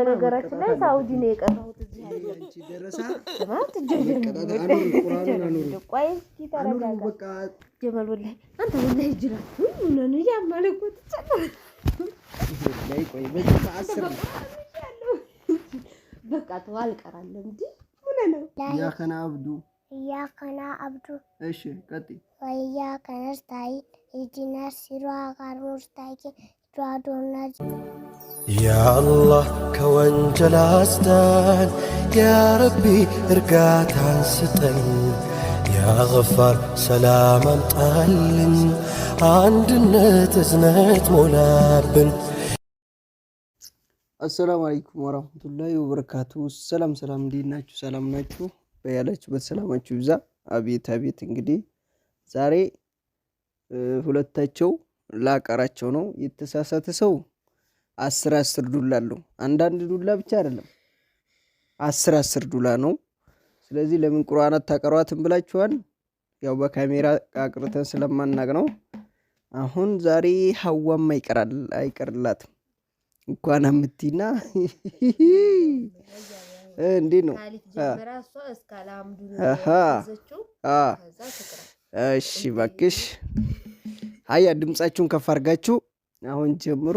በነገራችን ላይ ሳውዲ ነው የቀረሁት። በቃ ተው አልቀራለም። እንዲ ምን ነው ያከና አብዱ ያከና አብዱ እሺ ቀጥይ ወያ ከነስታይ ኢጂነር ሲሯ ጋር ሙስታይኪ ዷዶና ያአላህ ከወንጀል አስዳን፣ ያረቢ እርጋታን ስጠን፣ ያገፋር ሰላም አምጣልን፣ አንድነት እዝነት ሞላብን። አሰላሙ አለይኩም ወራህመቱላሂ ወበረካቱ። ሰላም ሰላም፣ እንዴት ናችሁ? ሰላም ናችሁ? በያላችሁበት ሰላማችሁ ይብዛ። አቤት አቤት፣ እንግዲህ ዛሬ ሁለታቸው ላቀራቸው ነው የተሳሳተ ሰው አስር አስር ዱላ አለው። አንዳንድ ዱላ ብቻ አይደለም አስር አስር ዱላ ነው። ስለዚህ ለምን ቁርአን አታቀሯትም ብላችኋል። ያው በካሜራ አቅርተን ስለማናቅ ነው። አሁን ዛሬ ሀዋም አይቀራል አይቀርላትም እንኳን አምቲና እንዴ ነው እሺ፣ እባክሽ አያ ድምጻችሁን ከፍ አድርጋችሁ አሁን ጀምሩ።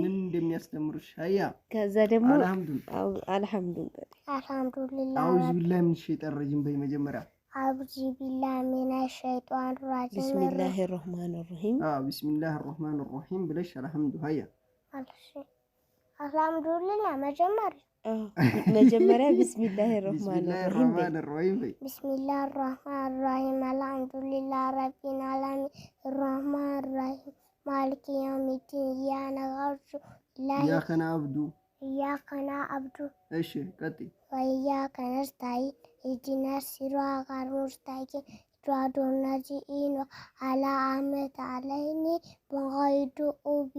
ምን እንደሚያስተምሩሽ አያ። ከዛ ደግሞ አልሐምዱሊላህ አልሐምዱ መጀመሪያ መጀመሪያ ቢስሚላህ ራሂም በይ። ቢስሚላህ ራሂም አልሐምዱሊላህ ረቢል ዓለሚን ራህማን ራሂም ማልክ የውሚዲን እያነ አብዱ እያከና አብዱ እያከና አብዱ። እሺ ቀጥይ። ወእያከ ነስታዒን ኢህዲና ሲራጣ አልሙስተቂም ዱዓዶ ነዚኢን አላ አመተ አለይኒ በኸይዱ ኡቢ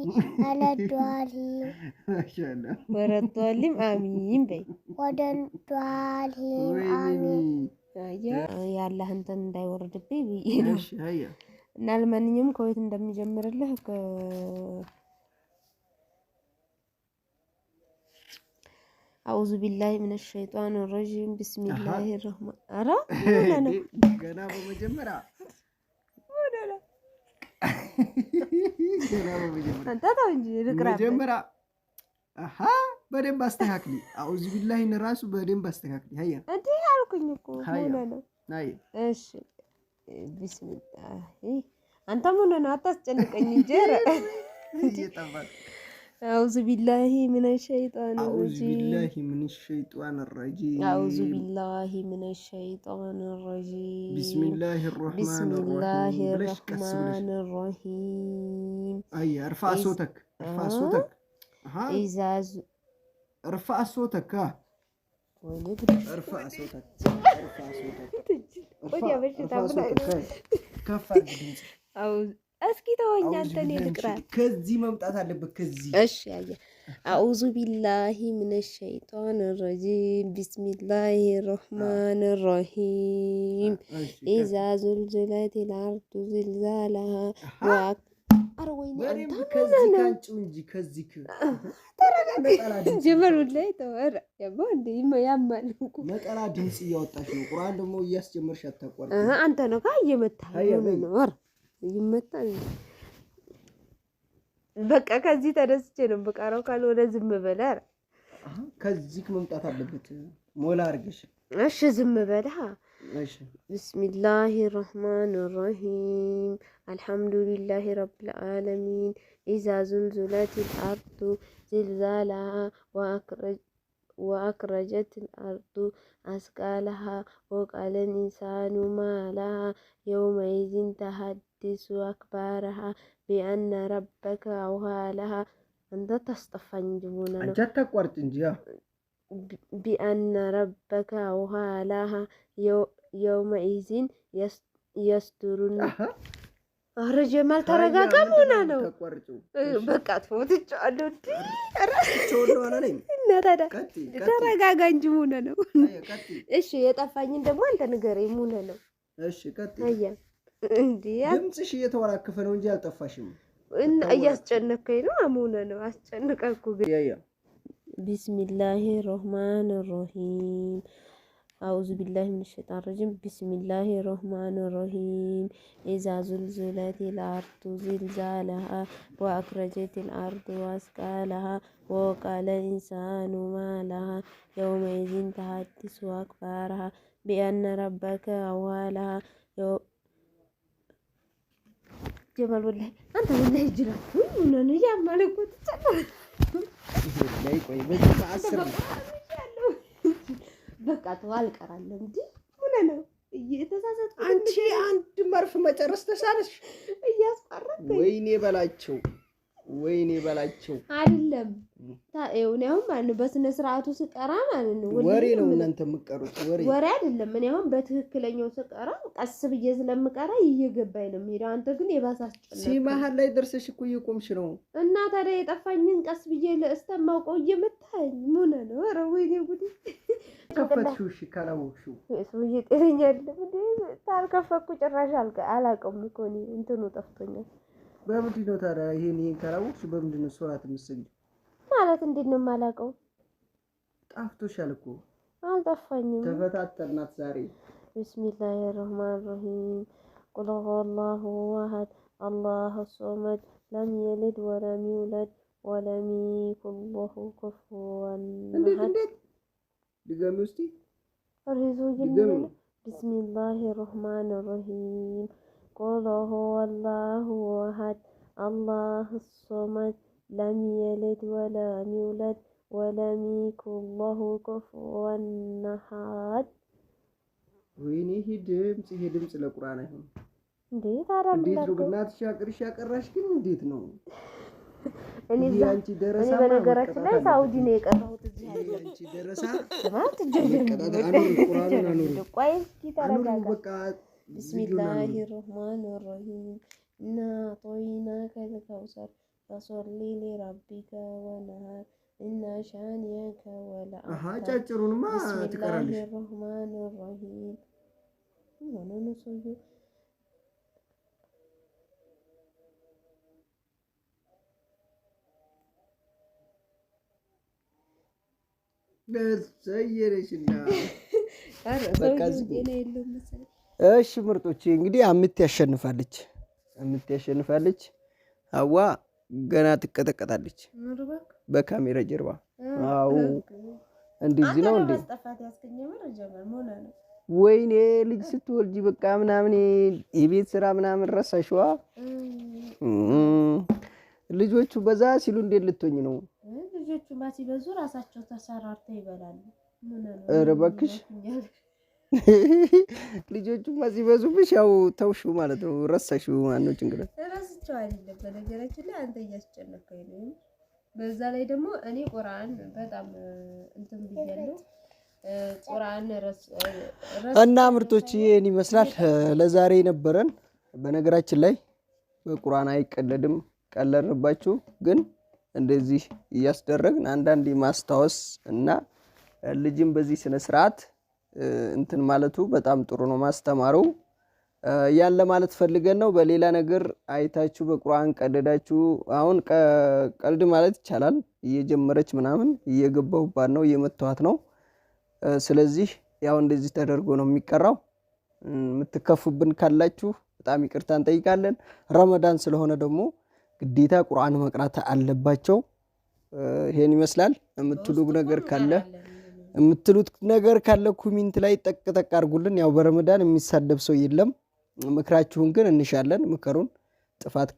አለዷልሂም ወረዷልም አሚን በይ ወደዷልሂም አሚን። ያላህ እንዳይወርድብኝ ብዬ ነው። እና ለማንኛውም ከወይት እንደሚጀምርልህ አውዙ ቢላሂ ምን ሸይጣን ረጂም ቢስሚላሂ ረህማን አራ ገና በመጀመሪያ በደንብ አስተካክሊ። አውዙ ቢላሂን ራሱ በደንብ አስተካክሊ። ሀያ አልኩኝ እኮ ነው። እሺ ቢስሚላህ አንተም ሆነ ነው አታስጨንቀኝ እንጂ አውዙ ቢላሂ ሚነ ሸይጣን ረጂም አውዙ ቢላሂ ሚነ ሸይጣን ረጂም ቢስሚላህ ረህማን ረሂም አይ እርፋ ሶተክ እርፋ ሶተክ ኢዛዝ እርፋ ሶተክ ارفع صوتك ارفع صوتك እስኪ ተወኝ አንተ፣ እኔ ልቅራል። ከዚህ መምጣት አለበት። ከዚህ እሺ፣ አየ አዑዙ ቢላሂ ምን ሸይጣን ረጂም ቢስሚላሂ ረሕማን ረሒም ኢዛ ዙልዝለት ልአርዱ ዝልዛላሃ አረ ወይኔ ነጠላ ድምፅ እያወጣሽ ነው። ቁርአን ደግሞ እያስጀመርሽ አታቋርጥ። አንተ ነው ካ እየመታ ይመታ። በቃ ከዚህ ተደስቼ ነው በቃረው። ካልሆነ ዝም በለ። ከዚህ መምጣት አለበት። ሞላ አድርገሽ እሺ፣ ዝም በለ። ብስሚላሂ ራህማን ራሂም الحمد لله رب العالمين إذا زلزلت الأرض زلزالها وأخرج وأخرجت الأرض أثقالها وقال الإنسان ما لها يومئذ تحدث أكبارها بأن ربك أوها لها أنت تستفنجبون أنت بأن ربك أوها لها يومئذ يسترون ኧረ ጀማል ተረጋጋ። መሆና ነው በቃ ትፎትጫዋለሁ። እና ታዲያ ተረጋጋ እንጂ መሆነ ነው። እሺ የጠፋኝን ደግሞ አንተ ንገረኝ። መሆነ ነው ድምፅሽ እየተወራከፈ ነው እንጂ አልጠፋሽም። እያስጨነከኝ ነው። አሙነ ነው አስጨንቀኩ። ቢስሚላሂ ረህማን ሮሂም أعوذ بالله من الشيطان الرجيم بسم الله الرحمن الرحيم إذا زلزلت الأرض زلزالها وأخرجت الأرض وأسكالها وقال الإنسان ما لها يومئذ تحدث أكبرها بأن ربك أولها جمال والله أنت والله جرى أنا يا مالك وتتكلم والله በቃ ተው አልቀራለሁ እንጂ ምን ነው እየተሳሳትኩ አንቺ አንድ መርፍ መጨረስ ተሳለሽ እያስፈራኝ ወይኔ በላቸው ወይኔ በላቸው አይደለም እኔ አሁን ማለት ነው በስነ ስርዓቱ ስቀራ ማለት ነው ወሬ ነው እናንተ የምትቀሩት ወሬ ወሬ አይደለም እኔ አሁን በትክክለኛው ስቀራ ቀስ ብዬ ስለምቀራ እየገባኝ ነው የምሄደው አንተ ግን የባሳስ ሲመሀል ላይ ደርሰሽ እኮ እየቆምሽ ነው እና ታዲያ የጠፋኝን ቀስ ብዬ ለእስተማውቀው እየመታኝ ሙነ ነው ኧረ ወይኔ ጉዴ ከፈትሽው? እሺ ካላወቅሽው ሰውዬ ጤነኛ አይደለም እንዴ? ታልከፈትኩ ጭራሽ አላውቅም እኮ እኔ እንትኑ ጠፍቶኛል። በምንድን ነው ታዲያ ይሄን ይሄን ካላወቅሽው በምንድን ነው ሶላት የምትሰጊው? ማለት እንዴት ነው የማላውቀው? ጣፍቶሻል እኮ አልጠፋኝም። ተፈታተናት ዛሬ። ብስሚላህ ረህማን ረሂም ቁል ዋሀድ አላሁ ሶመድ ለም የልድ ወለም ይውለድ ወለም ይኩን ላሁ ኩፉወን እንዴት ድገሚ ውስቲ بسم الله الرحمن الرحيم قل هو الله أحد الله الصمد لم يلد ولم يولد ولم يكن له كفوا أحد ወይኔ هي ድምፅ هي ድምፅ القرآن አይሆንም። እንዴት አራ እንዴት ነው? ግናት ሻቅር ሻቀራሽ ግን እንዴት ነው? እኔ በነገራችን ላይ ሳውዲ ነው የቀረሁት። እዚህ ቢስሚላሂ ረህማን ረሂም እና ከልከውሰር ፈሶሊ ሊረቢከ ወነሃር እና ሻንየከ ወላ ቢስሚላሂ ረህማን ረሂም እሺ ምርጦች እንግዲህ አምት ያሸንፋለች፣ አምት ያሸንፋለች። አዋ ገና ትቀጠቀጣለች በካሜራ ጀርባ። አዎ እንደዚህ ነው እንዴ? ወይኔ ልጅ ስትወልጂ በቃ ምናምን የቤት ስራ ምናምን ረሳሽዋ። ልጆቹ በዛ ሲሉ እንዴት ልትሆኝ ነው? ቲማቲም ሲበዙ ራሳቸው ተሰራርተው ይበላሉ። ኧረ እባክሽ ልጆቹማ ሲበዙብሽ ያው ተውሹ ማለት ነው። ረሳሹ ማነው ጭንቅላት ረስቸው አይደለም። በነገራችን ላይ አንተ እያስጨነቀኝ ነው። በዛ ላይ ደግሞ እኔ ቁርአን በጣም እንትን ብያለሁ። ቁርአን እና ምርቶች ይህን ይመስላል ለዛሬ ነበረን። በነገራችን ላይ በቁርአን አይቀለድም። ቀለድንባችሁ ግን እንደዚህ እያስደረግን አንዳንድ ማስታወስ እና ልጅም በዚህ ስነ ስርዓት እንትን ማለቱ በጣም ጥሩ ነው ማስተማሩ ያለ ማለት ፈልገን ነው። በሌላ ነገር አይታችሁ በቁርአን ቀደዳችሁ። አሁን ቀልድ ማለት ይቻላል እየጀመረች ምናምን እየገባሁባት ነው እየመተዋት ነው። ስለዚህ ያው እንደዚህ ተደርጎ ነው የሚቀራው። የምትከፉብን ካላችሁ በጣም ይቅርታ እንጠይቃለን። ረመዳን ስለሆነ ደግሞ ግዴታ ቁርአን መቅራት አለባቸው። ይሄን ይመስላል። የምትሉ ነገር ካለ የምትሉት ነገር ካለ ኮሚንት ላይ ጠቅ ጠቅ አድርጉልን። ያው በረመዳን የሚሳደብ ሰው የለም። ምክራችሁን ግን እንሻለን። ምከሩን ጥፋት